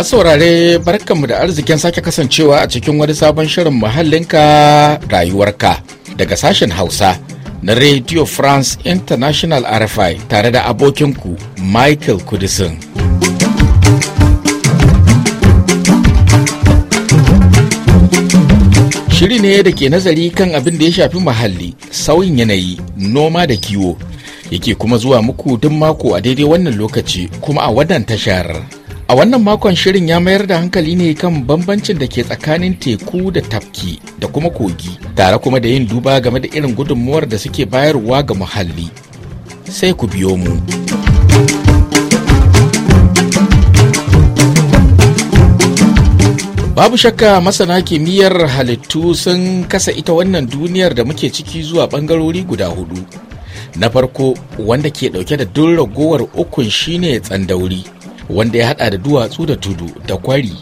Masu saurare barkanmu da arzikin sake kasancewa a cikin wani sabon shirin muhallinka rayuwarka daga sashen Hausa na Radio France International RFI tare da abokinku Michael Kudisin. Shiri ne da ke nazari kan abin da ya shafi muhalli, sauyin yanayi, noma da kiwo, yake kuma zuwa muku duk mako a daidai wannan lokaci kuma a wannan tashar. A wannan makon shirin ya mayar da hankali ne kan bambancin da ke tsakanin teku da tafki da kuma kogi, tare kuma da yin duba game da irin gudunmuwar da suke bayarwa ga muhalli. Sai ku biyo mu. Babu shakka masana kimiyyar halittu sun kasa ita wannan duniyar da muke ciki zuwa ɓangarori guda hudu. Na farko wanda ke ɗauke da dun ragowar ukun shine tsandauri. wanda ya hada da duwatsu da tudu da kwari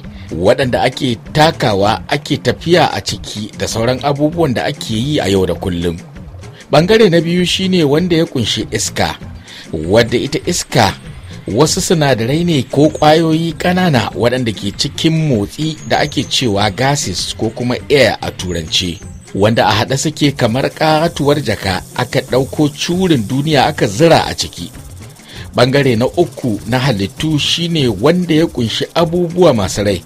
waɗanda ake takawa ake tafiya a ciki da sauran abubuwan da ake yi a yau da kullum ɓangare na biyu shine wanda ya kunshi iska wadda ita iska wasu sinadarai ne ko ƙwayoyi ƙanana waɗanda ke cikin motsi da ake cewa gases ko kuma air a turance wanda a haɗe suke kamar ƙatuwar jaka aka ɗauko curin duniya aka zira a ciki bangare na uku na halittu shine wanda ya kunshi abubuwa masu rai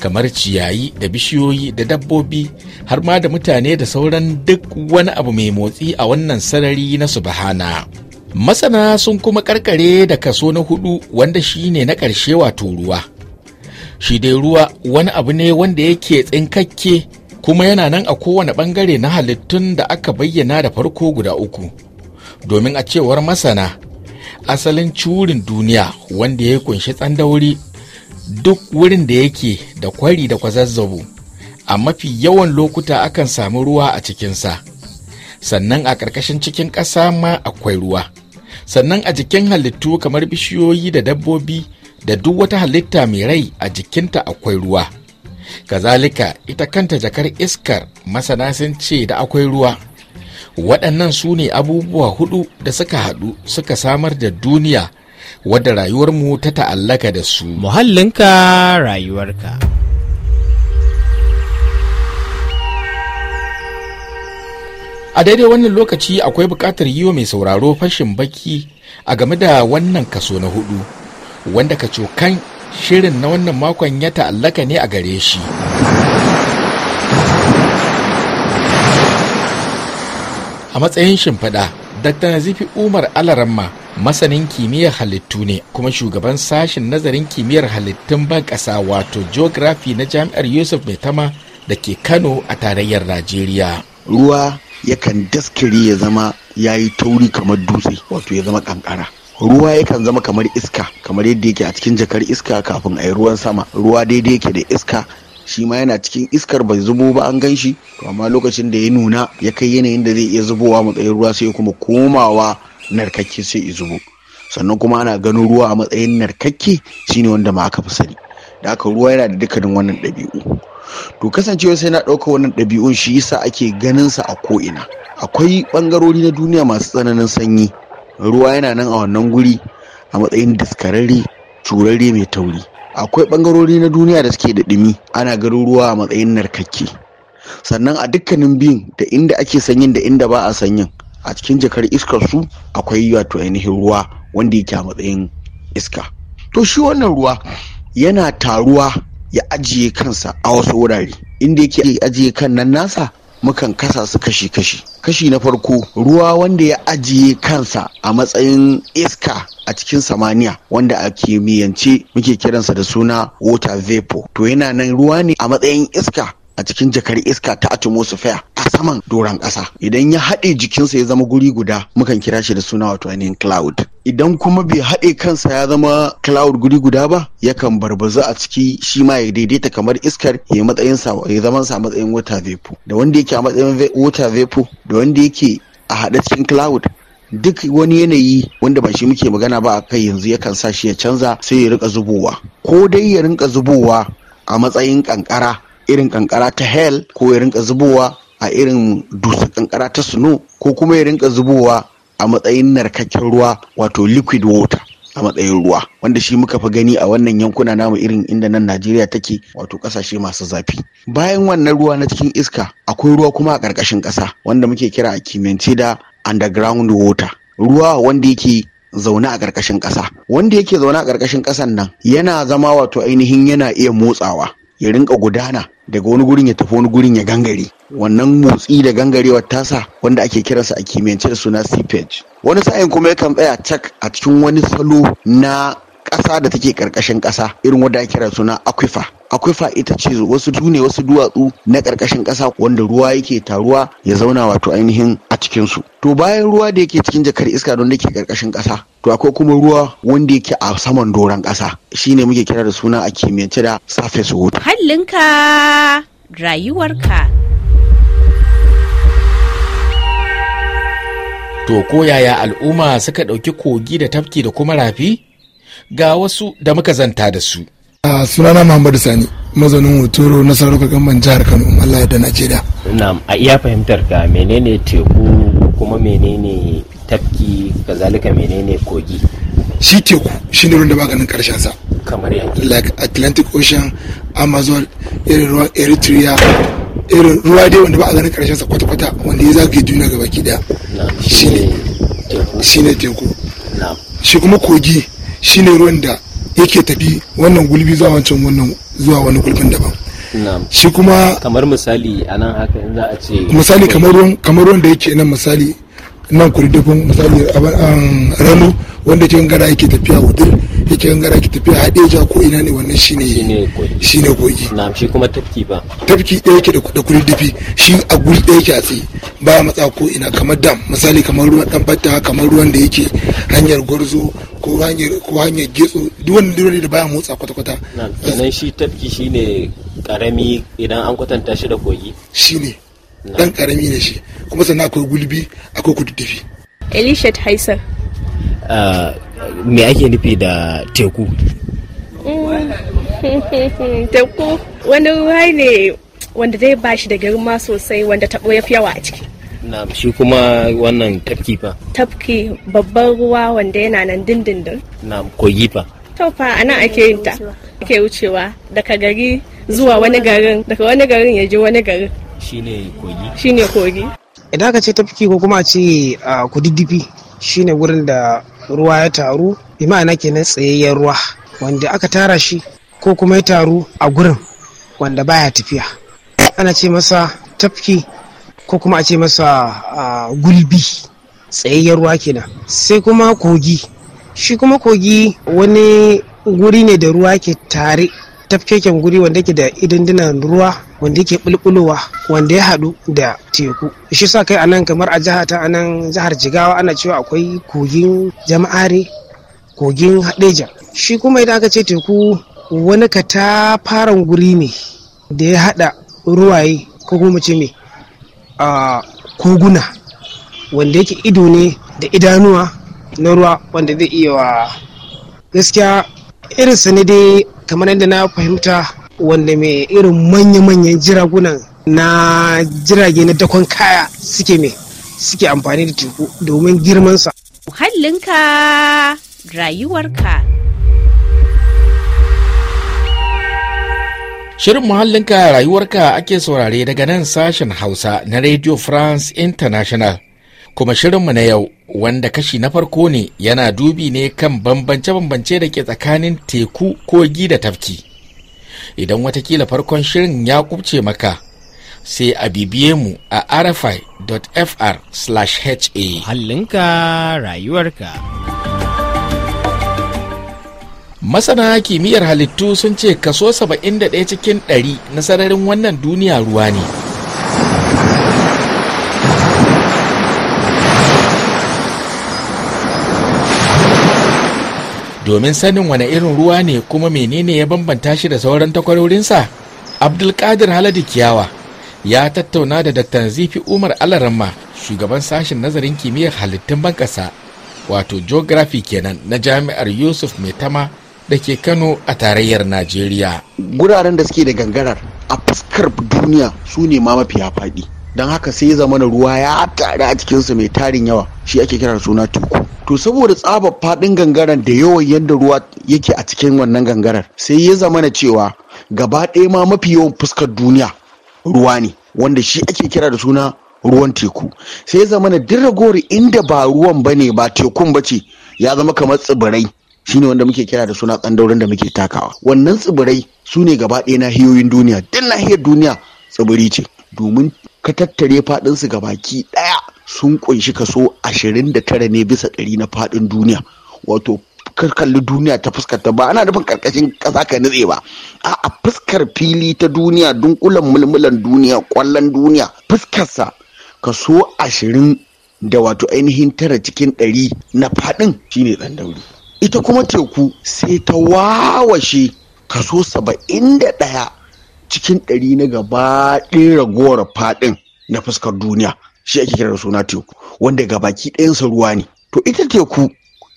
kamar ciyayi da bishiyoyi da dabbobi har ma da mutane da sauran duk wani abu mai motsi a wannan sarari na subhana masana sun kuma karkare da kaso na hudu wanda shine na ƙarshe wato ruwa shi dai ruwa wani abu ne wanda yake tsinkakke kuma yana nan a kowane bangare na halittun da aka bayyana da farko guda uku domin a cewar masana asalin curin duniya wanda ya kunshi tsandauri duk wurin da yake da kwari da kwazazzabo a mafi yawan lokuta akan sami ruwa a cikinsa sannan a ƙarƙashin cikin ƙasa ma akwai ruwa sannan a jikin halittu kamar bishiyoyi da dabbobi da duk wata halitta mai rai a jikinta akwai ruwa kazalika ita kanta jakar iskar masana sun ce da akwai ruwa waɗannan su ne abubuwa hudu da suka haɗu suka samar da duniya wadda rayuwarmu ta ta'allaka da su muhallinka rayuwarka a daidai wannan lokaci akwai buƙatar yiwa mai sauraro fashin baki a game da wannan kaso na hudu wanda ka cokan shirin na wannan makon ya ta'allaka ne a gare shi a matsayin shimfiɗa dr nazifi umar alaramma masanin kimiyyar halittu ne kuma shugaban sashen nazarin kimiyyar halittun ban ƙasa wato geography na jami'ar yusuf maitama da ke kano a tarayyar najeriya ruwa yakan daskare ya zama ya yi tauri kamar dutse wato ya zama kankara ruwa yakan zama kamar iska kamar yadda yake a cikin jakar iska kafin a yi ruwan sama ruwa daidai yake da iska shi ma yana cikin iskar bai zubo ba an gan shi to amma lokacin da ya nuna ya kai yanayin da zai iya zubowa matsayin ruwa sai kuma komawa narkakke sai ya zubo sannan kuma ana ganin ruwa a matsayin narkakke shine wanda ma aka fi sani da aka ruwa yana da dukkanin wannan ɗabi'u to kasancewa sai na ɗauka wannan ɗabi'un shi yasa ake ganin sa a ko'ina akwai ɓangarori na duniya masu tsananin sanyi ruwa yana nan a wannan guri a matsayin daskararre curarre mai tauri akwai bangarori na duniya da suke da dumi ana garuruwa a matsayin narkakke sannan a dukkanin biyun da inda ake sanyin da inda ba a sanyin a cikin jakar iskar su akwai wato ainihin ruwa wanda yake a matsayin iska to shi wannan ruwa yana taruwa ya ajiye kansa a wasu wurare inda yake ajiye kan nan nasa mukan kasa su kashi-kashi kashi na farko ruwa wanda ya ajiye kansa a matsayin iska a cikin samaniya wanda a kimiyyance muke kiransa da suna water vapor to yana nan ruwa ne a matsayin iska a cikin jakar iska ta atmosphere a saman doron ƙasa idan ya haɗe jikinsa ya zama guri guda mukan kira shi da suna wato ainihin cloud idan kuma bai haɗe kansa ya zama cloud guri guda ba yakan barbazu a ciki shi ma ya daidaita kamar iskar ya matsayin sa ya zaman sa matsayin water vapor da wanda yake a matsayin water vapor da wanda yake a haɗe cikin cloud duk wani yanayi wanda ba shi muke magana ba a kai yanzu yakan sa shi ya canza sai ya rika zubowa ko dai ya rinka zubowa a matsayin kankara irin kankara ta hell ko ya rinka zubowa a irin dusar kankara ta snow, ko kuma ya rinka zubowa a matsayin narkakken ruwa wato liquid water a matsayin ruwa wanda shi muka fi gani a wannan yankuna namu irin inda nan najeriya take wato kasashe masu zafi bayan wannan ruwa na cikin iska akwai ruwa kuma a ƙarƙashin ƙasa wanda muke kira a kimiyance da underground water ruwa wanda yake zaune a ƙarƙashin ƙasa wanda yake zaune a ƙarƙashin ƙasan nan yana zama wato ainihin yana iya motsawa ya rinka gudana daga wani gurin ya tafi wani gurin ya gangare wannan motsi da gangarewar tasa wanda ake kiransa a kimiyyance da suna seepage wani sa'in kuma yakan tsaya cak a cikin wani salo na ƙasa da take ƙarƙashin ƙasa irin wadda ake kira suna aquifer aquifer ita ce wasu dune wasu duwatsu na ƙarƙashin ƙasa wanda ruwa yake taruwa ya zauna wato ainihin a cikinsu to bayan ruwa da yake cikin jakar iska don da ke ƙarƙashin ƙasa to akwai kuma ruwa wanda yake a saman doron ƙasa shine muke kira da suna a kimiyyance da surface water hallinka rayuwarka To ko yaya al'umma suka ɗauki kogi da tafki da kuma rafi? ga wasu da muka zanta da su a sunana muhammadu sani mazanin hotoro na sarrafa gamban jihar kano allah da najeriya na'am a iya fahimtar ka menene teku kuma menene tafki kazalika menene kogi shi teku shi ne ruwan da ganin karshen sa kamar yanzu like atlantic ocean amazon irin ruwan eritrea irin ruwa dai wanda ba a ganin karshen sa kwata-kwata wanda ya zagaye duniya gaba ki daya shi ne teku shi kuma kogi shine ruwan da yake tafi wannan gulbi zuwa wancan wannan zuwa wani gulbin daban shi kuma kamar misali a nan haka in za a ce misali kamar ruwan da yake nan misali nan kuridufin misali a rano wanda ke gara yake tafiya wudur yake gara yake tafiya hadeja ko ina ne wannan shi shi ne kogi na shi kuma tafki ba tafki ɗaya yake da kuridufi shi a guri ɗaya yake a tsaye baya matsa ko ina kamar dam misali kamar ruwan ɗan batta kamar ruwan da yake hanyar gwarzo ko hanyar ko hanyar getso duk wani dole da baya motsa kwata-kwata sannan shi tafki shine karami idan an kwatanta shi da kogi shine dan karami ne shi kuma sannan akwai gulbi akwai kududdufi elisha haisa ah, me ake nufi da teku mm. teku wani ruwa ne wanda zai bashi da girma sosai wanda taɓo ya fi yawa a ciki na shi kuma wannan tafki fa tafki babban ruwa wanda yana nan dindindin na kogi fa to fa anan ake yin ta ake wucewa daga gari zuwa wani garin daga wani garin ya je wani garin shine kogi shine kogi idan aka ce tafki ko kuma ku ce kududdufi shine wurin da ruwa ya taru bi ma'ana kenan tsayayyen ruwa wanda aka tara shi ko kuma ya taru a gurin wanda baya tafiya ana ce masa tafki ko kuma a ce masa gulbi tsayayyar ruwa kenan sai kuma kogi shi kuma kogi wani guri ne da ruwa ke tare tafkeken guri wanda ke da idindinan ruwa wanda ke bulbulowa wanda ya haɗu da teku shi sa kai anan kamar a jiha ta anan jihar jigawa ana cewa akwai kogin jama'are kogin hadeja shi kuma idan aka ce teku wani ka ta fara guri ne da ya haɗa ruwaye ko kuma ce mai a koguna wanda yake ido ne da idanuwa na ruwa wanda zai iya wa gaskiya irin ne dai kamar yadda na fahimta wanda mai irin manya-manyan jiragunan na jirage na dakon kaya suke mai suke amfani da teku domin girmansa. Muhallinka rayuwarka. Shirin muhallinka rayuwarka ake saurare daga nan sashen Hausa na Radio France International. Kuma shirinmu na yau wanda kashi na farko ne yana dubi ne kan bambance-bambance da ke tsakanin teku, kogi da tafki. Idan watakila farkon shirin ya kubce maka, sai a bibiye mu a rfi.fr/ha. Muhallinka rayuwarka. masana kimiyyar halittu sun ce kaso 71 cikin 100 na sararin wannan duniya ruwa ne domin sanin wane irin ruwa ne kuma menene ya bambanta shi da sauran takwarorinsa abdulkadir haladu kiyawa ya tattauna da dr zifi umar alaramma shugaban sashen nazarin kimiyyar halittun bankasa wato geography kenan na jami'ar yusuf mai da ke Kano a tarayyar Najeriya. Guraren da suke da gangarar a fuskar duniya su ne ma mafiya faɗi. Don haka sai zama ruwa ya tare a cikinsu mai tarin yawa shi ake kira suna teku. To saboda tsaba faɗin gangaren da yawan yadda ruwa yake a cikin wannan gangarar sai ya zama na cewa gaba ɗaya ma mafi yawan fuskar duniya ruwa ne wanda shi ake kira da suna ruwan teku sai ya zama na diragori inda ba ruwan ba ne ba tekun ba ce ya zama kamar tsibirai shine wanda muke kira da suna kandaurin da muke takawa wannan tsibirai su ne gaba ɗaya nahiyoyin duniya duk nahiyar duniya tsibiri ce domin ka tattare faɗinsu baki ɗaya sun kunshi kaso ashirin da tara ne bisa ɗari na faɗin duniya wato ka kalli duniya ta fuskar ta ba ana nufin karkashin ƙasa ka nutse ba a fuskar fili ta duniya dunkulan mulmulan duniya kwallon duniya fuskarsa kaso ashirin da wato ainihin tara cikin ɗari na faɗin shine ɗan dauri ita kuma teku sai ta wawashe kaso saba'in da ɗaya cikin ɗari na gaba ɗin ragowar faɗin na fuskar duniya shi ake kira da suna teku wanda ga baki ɗayansa ruwa ne to ita teku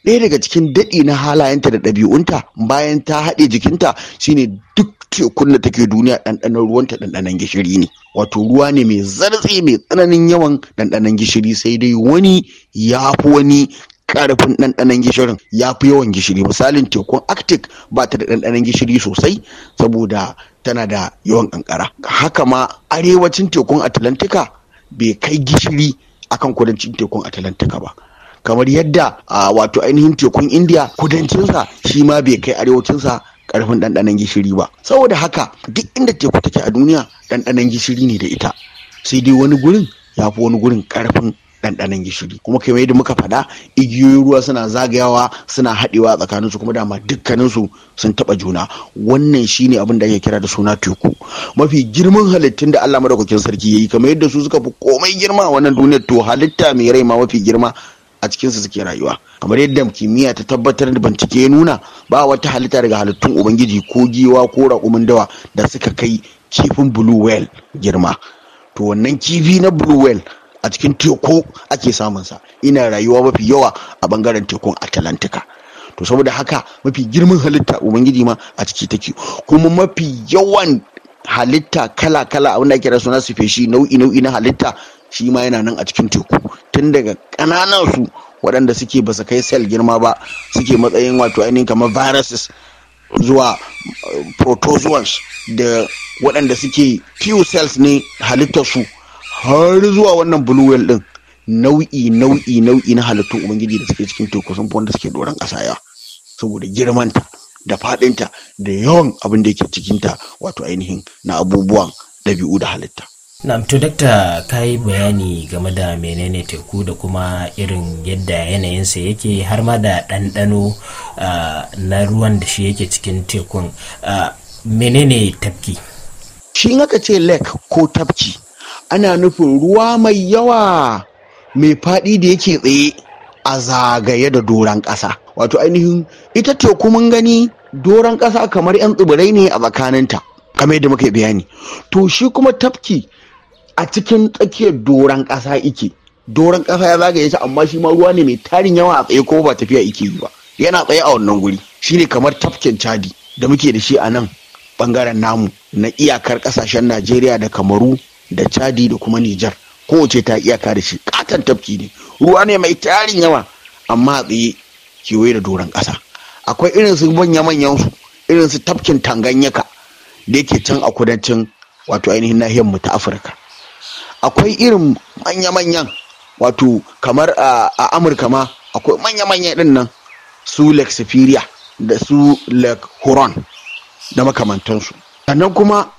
ɗaya daga cikin daɗi na halayenta da ɗabi'unta bayan ta haɗe jikinta shine duk tekun da take duniya ɗanɗanon ruwanta ɗanɗanon gishiri ne wato ruwa ne mai zartse mai tsananin yawan ɗanɗanon gishiri sai dai wani ya fi wani karfin ɗanɗanon gishirin ya fi yawan gishiri misalin tekun arctic ba ta da ɗanɗanon gishiri sosai saboda tana da yawan ƙanƙara. haka ma arewacin tekun atlantika bai kai gishiri akan kudancin tekun atlantika ba kamar yadda a wato ainihin tekun India, kudancinsa shi ma bai kai arewacinsa karfin ɗanɗanon gishiri ba saboda haka duk inda teku take a duniya ɗanɗanon gishiri ne da ita sai dai wani gurin ya fi wani gurin karfin ɗanɗanon gishiri kuma kamar yadda muka faɗa igiyoyin ruwa suna zagayawa suna haɗewa tsakaninsu kuma dama dukkaninsu sun taɓa juna wannan shine abin da ake kira da suna teku mafi girman halittun da Allah madaukakin sarki ya yi kamar yadda su suka fi komai girma a wannan duniyar to halitta mai rai ma mafi girma a cikinsu suke rayuwa kamar yadda kimiyya ta tabbatar da bincike ya nuna ba wata halitta daga halittun ubangiji ko giwa ko raƙumin dawa da suka kai kifin blue whale girma to wannan kifi na blue whale a cikin teku ake samun sa, ina rayuwa mafi yawa a bangaren tekun atlantika to saboda haka mafi girman halitta ubangiji ma a ciki take kuma mafi yawan halitta kala kala abinda ake rasu nasu feshi nau'i nau'i na halitta shi ma yana nan a cikin teku tun daga kananan su waɗanda suke ba kai sel girma ba suke matsayin wato ainihin kamar viruses zuwa eh, protozoans da waɗanda suke few cells ne halittarsu su har zuwa wannan blue whale din nau'i nau'i nau'i na halittun ubangiji da suke cikin teku wanda suke doron kasaya saboda girmanta da faɗinta da yawan abin da yake cikinta wato ainihin na abubuwan dabi'u da halitta. na to dakta ka yi bayani game da menene teku da kuma irin yadda yanayinsa yake har ma da ɗanɗano na ruwan da shi yake cikin tekun menene tafki? Shi aka ce lake ko tafki ana nufin ruwa mai yawa mai faɗi da yake tsaye a zagaye da doron ƙasa wato ainihin ita teku mun gani doron ƙasa kamar 'yan tsibirai ne a tsakaninta kamar yadda muka bayani to shi kuma tafki a cikin tsakiyar doron ƙasa ike doron ƙasa ya zagaye shi amma shi ma ruwa ne mai tarin yawa a tsaye ko ba tafiya ike yi ba yana tsaye a wannan guri shine kamar tafkin cadi da muke da shi a nan bangaren namu na iyakar ƙasashen najeriya da kamaru da chadi da kuma nijar kowace ta iyaka da shi katon tafki ne ruwa ne mai tarin yawa amma a tsaye kewaye da doron ƙasa akwai irin su manya manyan su irin su tafkin tanganyaka da yake can a kudancin wato ainihin nahiyar mu ta afirka akwai irin manya manyan wato kamar a amurka ma akwai manya manyan din nan su lake superior da su lake huron da makamantansu sannan kuma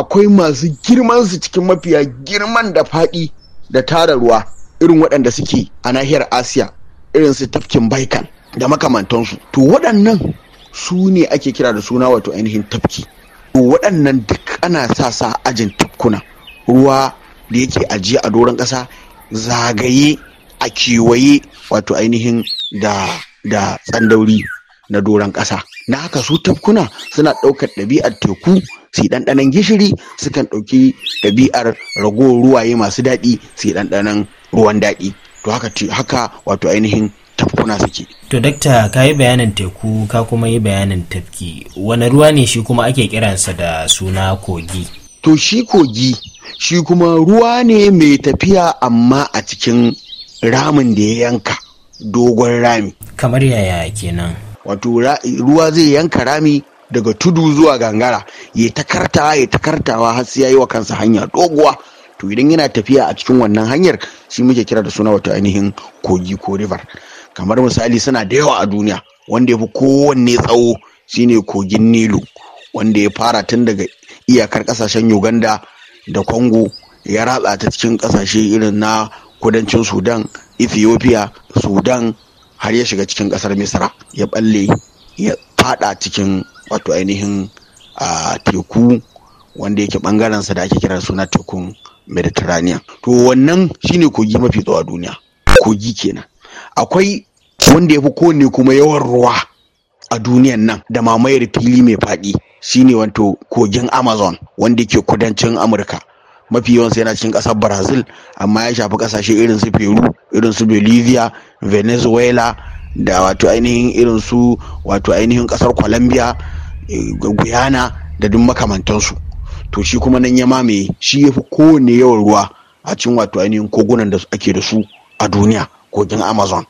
akwai masu girman su cikin mafiya girman da faɗi da tara ruwa irin waɗanda suke a nahiyar asiya irin su tafkin baikal da makamantansu to waɗannan su ne ake kira da suna wato ainihin tafki to waɗannan duk ana sa sa ajin tafkuna ruwa da yake ajiye a doron ƙasa zagaye a kewaye wato ainihin da da tsandauri na doron ƙasa na haka su tafkuna suna ɗaukar ɗabi'ar teku su yi ɗanɗanon gishiri sukan ɗauki ɗabi'ar rago ruwaye masu daɗi su yi ɗanɗanon ruwan daɗi to haka haka wato ainihin tafkuna suke. To dakta ka yi bayanin teku ka kuma yi bayanin tafki wani ruwa ne shi kuma ake kiransa da suna kogi. To shi kogi shi kuma ruwa ne mai tafiya amma a cikin ramin da ya yanka dogon rami. Kamar yaya kenan. Wato ruwa zai yanka rami daga tudu zuwa gangara ya ta kartawa ya ta kartawa har sai yayi wa kansa hanya doguwa to idan yana tafiya a cikin wannan hanyar shi muke kira da suna wato ainihin kogi ko river kamar misali suna da yawa a duniya wanda ya fi kowanne tsawo shine kogin nilu wanda ya fara tun daga iyakar kasashen uganda da congo ya ratsa ta cikin kasashe irin na kudancin sudan ethiopia sudan har ya shiga cikin kasar misra ya balle ya fada cikin wato ainihin a teku wanda yake sa da ake kira suna tekun mediterranean to wannan shine kogi mafi tsawo a duniya kogi kenan akwai wanda ya fi kowanne kuma yawan ruwa a duniyan nan da mamayar fili mai faɗi shine wato kogin amazon wanda ke kudancin amurka mafi yawansa yana cikin ƙasar brazil amma ya shafi ƙasashe irin su peru irin su bolivia venezuela da wato ainihin irin su wato ainihin ƙasar colombia guyana da duk makamantansu to shi kuma nan ya mamaye shi ya fi kowane yawan ruwa a cikin wato ainihin kogunan da ake da su a duniya kogin amazon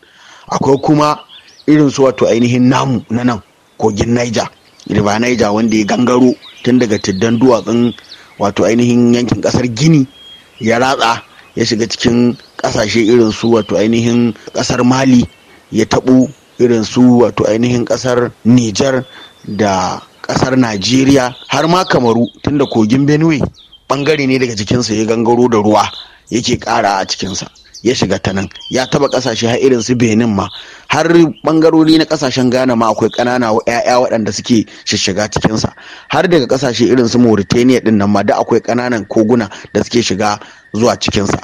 akwai kuma irin su wato ainihin namu na nan kogin niger riba niger wanda ya gangaro tun daga tiddan duwatsun wato ainihin yankin kasar gini ya ratsa ya shiga cikin kasashe irin su wato ainihin kasar mali ya taɓo irin su wato ainihin kasar niger da kasar najeriya har ma kamaru tunda kogin benue bangare ne daga jikinsa ya gangaro da ruwa yake kara a cikinsa ya shiga ta nan ya taba kasashe har irin su benin ma har bangarori na kasashen ghana ma akwai kanana ya'ya waɗanda suke shishiga cikinsa har daga kasashe irin su mauritania din nan ma da akwai kananan koguna da suke shiga zuwa cikinsa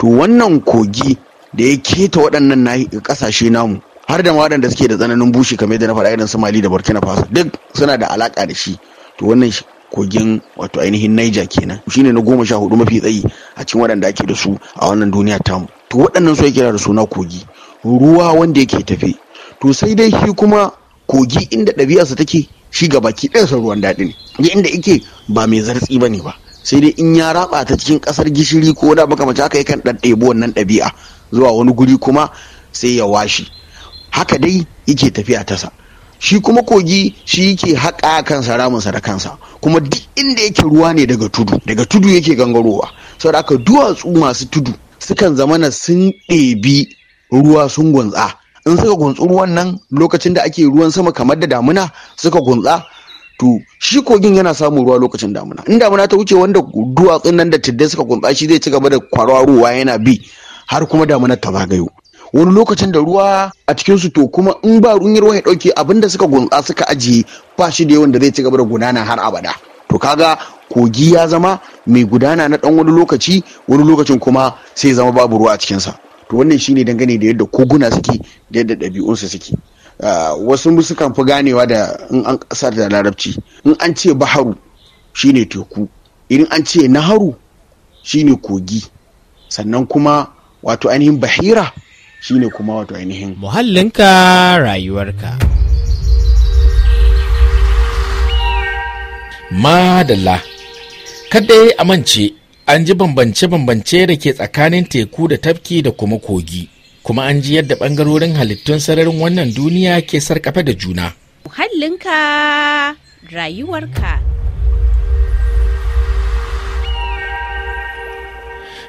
to wannan kogi da ya keta waɗannan kasashe namu har da waɗanda suke da tsananin bushe kamar yadda na faɗa irin Somali da burkina faso duk suna da alaka da shi to wannan kogin wato ainihin niger kenan shine na goma sha hudu mafi tsayi a cikin waɗanda ake da su a wannan duniya tamu to waɗannan su kira da suna kogi ruwa wanda yake tafe to sai dai shi kuma kogi inda ɗabi'arsa take shi ga baki ɗaya sa ruwan daɗi ne inda yake ba mai zartsi ba ne ba sai dai in ya raba ta cikin ƙasar gishiri ko da mace haka yakan ɗaɗɗebo wannan ɗabi'a zuwa wani guri kuma sai ya washe haka dai yake tafiya ta sa, shi kuma kogi shi yake haƙa kansa ramunsa da kansa kuma duk inda yake ruwa ne daga tudu daga tudu yake gangarowa saboda aka duwatsu masu tudu sukan zamana sun ɗebi ruwa sun gunza in suka gunzu ruwan nan lokacin da ake ruwan sama kamar da damuna suka gunza to shi kogin yana samun ruwa lokacin damuna in damuna ta wuce wanda duwatsun nan da tuddai suka gunza shi zai ci gaba da kwararowa yana bi har kuma damuna ta zagayo wani lokacin da ruwa a cikin su to kuma in ba ruwan ruwan ya dauke abinda suka gunsa suka ajiye ba da yawan da zai ci gaba da gudana har abada to kaga kogi ya zama mai gudana na dan wani lokaci wani lokacin kuma sai zama babu ruwa a cikinsa to wannan shine dangane da yadda koguna suke da yadda su suke ah, wasu sukan fi ganewa da in an ƙasar da larabci in an ce baharu shine teku idan an ce naharu shine kogi sannan kuma wato ainihin bahira shine kuma wato ainihin muhallinka rayuwarka madalla kada a amince an ji bambance-bambance da ke tsakanin teku da tafki da kuma kogi kuma an ji yadda ɓangarorin halittun sararin wannan duniya ke sarkafa da juna muhallinka rayuwarka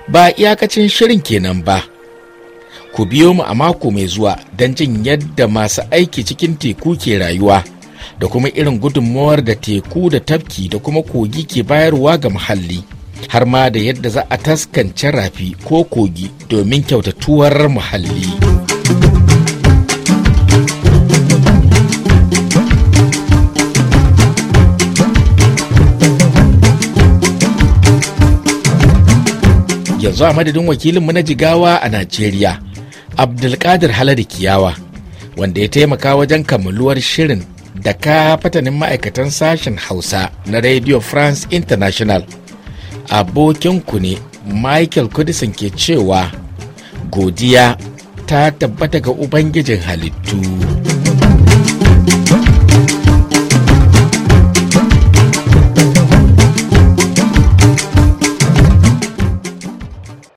ba iyakacin shirin kenan ba ku biyo mu a mako mai zuwa don jin yadda masu aiki cikin teku ke rayuwa da kuma irin gudunmawar da teku da tafki da kuma kogi ke bayarwa ga muhalli har ma da yadda za a taskance rafi ko kogi domin kyautatuwar muhalli. yanzu a madadin wakilinmu na jigawa a najeriya abdulkadir haladi kiyawa wanda ya taimaka wajen kammaluwar shirin da ka fatanin ma'aikatan sashen hausa na radio france international abokinku ne michael kudisin ke cewa godiya ta tabbata ga ubangijin halittu.